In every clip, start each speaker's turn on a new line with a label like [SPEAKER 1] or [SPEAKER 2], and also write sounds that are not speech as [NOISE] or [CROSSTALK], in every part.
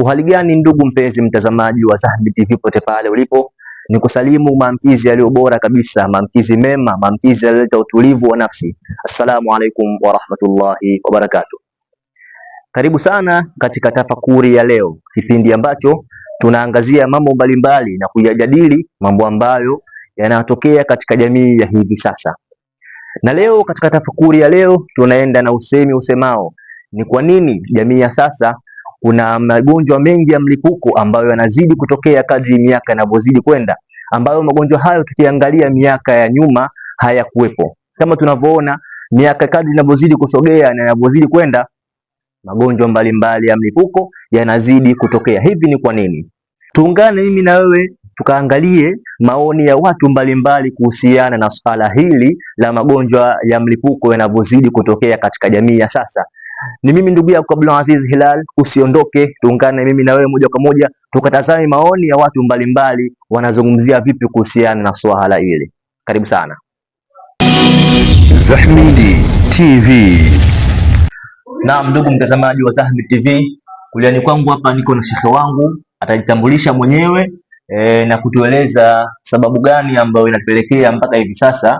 [SPEAKER 1] Uhali gani ndugu mpenzi mtazamaji wa Zahmid TV pote pale ulipo, ni kusalimu maamkizi yaliyo bora kabisa, maamkizi mema, maamkizi yaleta utulivu wa nafsi. Assalamu alaikum warahmatullahi barakatuh. Karibu sana katika tafakuri ya leo, kipindi ambacho tunaangazia mambo mbalimbali na kuyajadili mambo ambayo yanatokea katika jamii ya hivi sasa. Na leo katika tafakuri ya leo tunaenda na usemi usemao, ni kwa nini jamii ya sasa kuna magonjwa mengi ya mlipuko ambayo yanazidi kutokea kadri miaka inavyozidi kwenda, ambayo magonjwa hayo tukiangalia miaka ya nyuma hayakuwepo. Kama tunavyoona miaka kadri inavyozidi kusogea na inavyozidi kwenda, magonjwa mbalimbali ya mlipuko yanazidi kutokea. Hivi ni kwa nini? Tuungane mimi na wewe tukaangalie maoni ya watu mbalimbali kuhusiana na swala hili la magonjwa ya mlipuko yanavyozidi kutokea katika jamii ya sasa. Ni mimi ndugu yako Aziz Hilal, usiondoke, tuungane mimi na wewe moja kwa moja tukatazame maoni ya watu mbalimbali wanazungumzia vipi kuhusiana na swala hili. Karibu sana
[SPEAKER 2] Zahmidi TV.
[SPEAKER 1] Naam, ndugu mtazamaji wa Zahmid TV, kuliani kwangu hapa niko na shekhe wangu, atajitambulisha mwenyewe e, na kutueleza sababu gani ambayo inatupelekea mpaka hivi sasa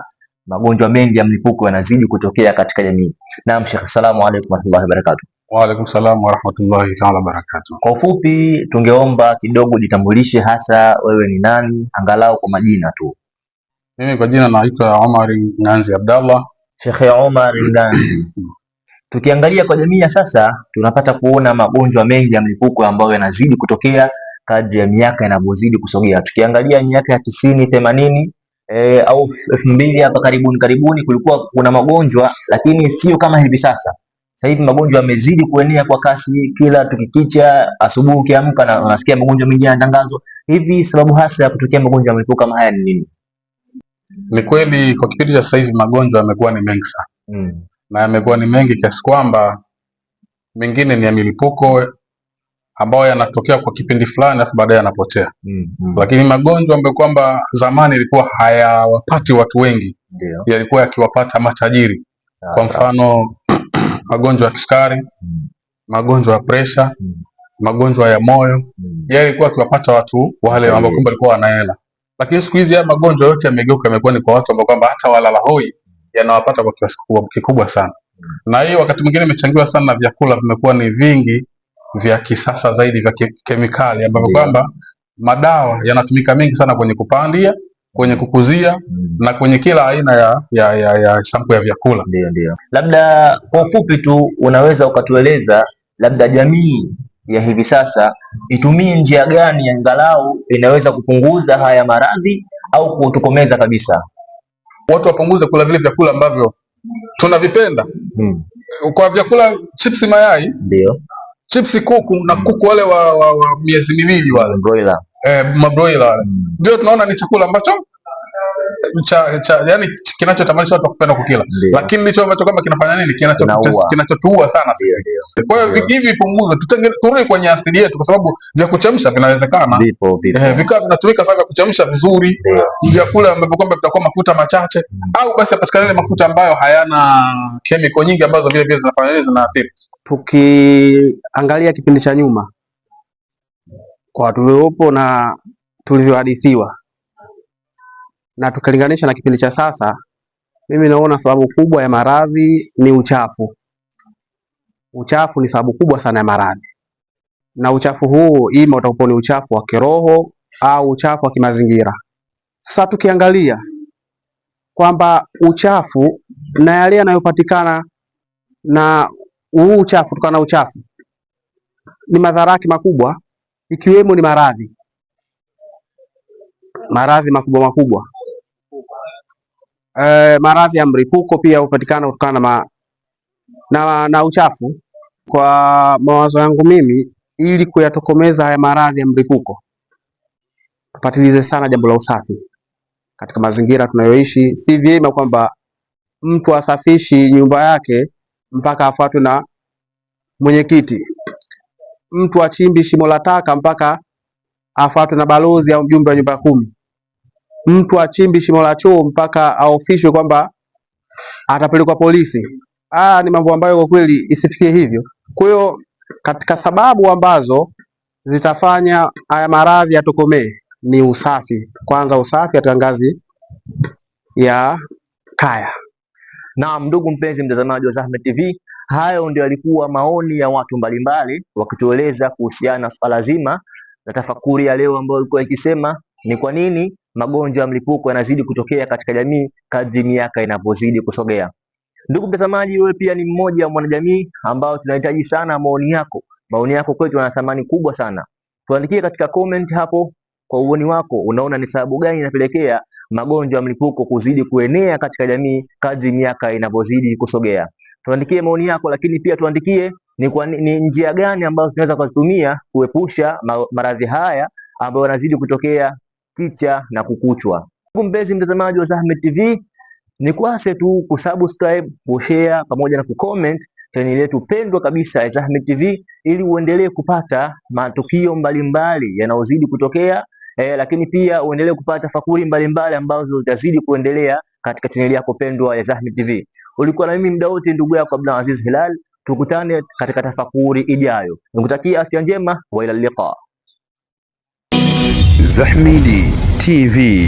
[SPEAKER 1] magonjwa mengi ya mlipuko yanazidi kutokea katika jamii. Naam, Sheikh, assalamu alaykum warahmatullahi wabarakatuh.
[SPEAKER 3] Wa alaykum salaam warahmatullahi ta'ala barakatuh.
[SPEAKER 1] Kwa ufupi, tungeomba kidogo jitambulishe, hasa wewe ni nani, angalau kwa majina tu.
[SPEAKER 3] Mimi kwa jina naitwa omar Nganzi Abdallah.
[SPEAKER 1] Sheikh Omar Nganzi. Tukiangalia kwa jamii ya sasa, tunapata kuona magonjwa mengi ya mlipuko ambayo yanazidi kutokea kadri ya miaka inavyozidi kusogea. Tukiangalia miaka ya tisini, themanini eh, au elfu mbili hapa karibuni karibuni, kulikuwa kuna magonjwa lakini sio kama hivi sasa. Sasa hivi magonjwa yamezidi kuenea kwa kasi, kila tukikicha, asubuhi ukiamka na unasikia magonjwa mengi yanatangazwa. Hivi sababu hasa ya kutokea magonjwa ya mlipuko kama haya ni nini?
[SPEAKER 3] Ni kweli kwa kipindi cha sasa hivi magonjwa yamekuwa ni mengi sana mm. na yamekuwa ni mengi kiasi kwamba mengine ni ya milipuko ambayo yanatokea kwa kipindi fulani alafu baadaye yanapotea mm, mm. Lakini magonjwa ambayo kwamba zamani ilikuwa hayawapati watu wengi yeah. Yalikuwa yakiwapata matajiri yeah, kwa mfano [CLEARS THROAT] magonjwa ya kisukari mm. magonjwa ya presha mm. magonjwa ya moyo mm. yalikuwa yakiwapata watu wale ambao kwamba walikuwa wanahela, lakini siku hizi haya magonjwa yote yamegeuka, yamekuwa ni kwa watu ambao kwamba hata walala hoi yanawapata kwa kiasi kikubwa sana mm. na hiyo wakati mwingine imechangiwa sana na vyakula vimekuwa ni vingi mm vya kisasa zaidi vya kemikali ambavyo kwamba madawa yanatumika mengi sana kwenye kupandia, kwenye kukuzia mm. na kwenye kila aina ya, ya, ya, ya sampu ya vyakula. Ndio,
[SPEAKER 1] ndio. Labda kwa ufupi tu unaweza ukatueleza labda jamii ya hivi sasa itumie njia gani angalau inaweza kupunguza haya maradhi au kutokomeza kabisa?
[SPEAKER 3] Watu wapunguze kula vile vyakula ambavyo tunavipenda hmm. Kwa vyakula chipsi, mayai ndio chipsi kuku na kuku wale wa, wa, wa miezi miwili wale broiler eh, mabroiler mm. ndio mm. Tunaona ni chakula ambacho eh, cha, cha yani kinachotamanisha watu kupenda kukila, yeah. lakini ndicho ambacho kwamba kinafanya nini, kinachotuua sana sisi. yeah, yeah. Kwa hiyo yeah. hivi punguzo, turudi kwenye asili yetu, kwa sababu vya kuchemsha vinawezekana, eh, vikaa vinatumika sana kuchemsha vizuri vyakula ambavyo kwamba vitakuwa mafuta machache mm. au basi apatikane mafuta ambayo hayana kemiko nyingi ambazo vile vile zinafanya nini, zinaathiri
[SPEAKER 1] tukiangalia kipindi cha nyuma kwa tuliopo na tulivyohadithiwa na tukilinganisha na kipindi cha sasa, mimi naona sababu kubwa ya maradhi ni uchafu. Uchafu ni sababu kubwa sana ya maradhi, na uchafu huu ima utakuwa ni uchafu wa kiroho au uchafu wa kimazingira. Sasa tukiangalia kwamba uchafu na yale yanayopatikana na huu uchafu kutokana na uchafu ni madhara yake makubwa, ikiwemo ni maradhi, maradhi makubwa makubwa. E, maradhi ya mripuko pia hupatikana kutokana na, na, na uchafu. Kwa mawazo yangu mimi, ili kuyatokomeza haya maradhi ya mripuko, tupatilize sana jambo la usafi katika mazingira tunayoishi. Si vyema kwamba mtu asafishi nyumba yake mpaka afuatwe na mwenyekiti. Mtu achimbi shimo la taka mpaka afuatwe na balozi au mjumbe wa nyumba kumi. Mtu achimbi shimo la choo mpaka aofishwe kwamba atapelekwa polisi. Ah, ni mambo ambayo kwa kweli isifikie hivyo. Kwa hiyo katika sababu ambazo zitafanya haya maradhi yatokomee ni usafi. Kwanza usafi katika ngazi ya kaya. Na ndugu mpenzi mtazamaji wa Zahmid TV, hayo ndio yalikuwa maoni ya watu mbalimbali wakitueleza kuhusiana na swala zima na tafakuri ya leo ambayo ilikuwa ikisema ni kwa nini magonjwa ya mlipuko yanazidi kutokea katika jamii kadri miaka inavyozidi kusogea. Ndugu mtazamaji, wewe pia ni mmoja wa mwanajamii ambao tunahitaji sana maoni yako. Maoni yako kwetu yana thamani kubwa sana. Tuandikie katika comment hapo, kwa uoni wako unaona ni sababu gani inapelekea magonjwa ya mlipuko kuzidi kuenea katika jamii kadri miaka inavyozidi kusogea. Tuandikie maoni yako, lakini pia tuandikie ni, kwa, ni njia gani ambazo tunaweza kuzitumia kuepusha maradhi haya ambayo yanazidi kutokea kicha na kukuchwa. Mpenzi mtazamaji wa Zahmid TV, ni kuase tu kusubscribe, kushare pamoja na kucomment chaneli yetu pendwa kabisa ya Zahmid TV ili uendelee kupata matukio mbalimbali yanayozidi kutokea eh, lakini pia uendelee kupata fakuri mbalimbali ambazo zitazidi kuendelea katika chaneli yako pendwa ya Zahmid TV. Ulikuwa na mimi muda wote ndugu yako aziz Hilal, tukutane katika tafakuri ijayo. Nikutakia afya njema wa ila liqa. Zahmid TV.